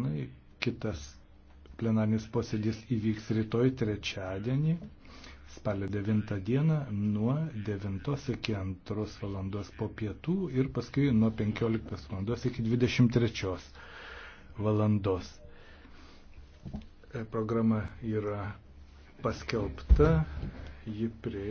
Na, kitas plenarnis posėdis įvyks rytoj trečiadienį, spalio 9 dieną, nuo 9 iki 2 valandos po pietų ir paskui nuo 15 valandos iki 23 valandos. E, programa yra paskelbta, ji prie.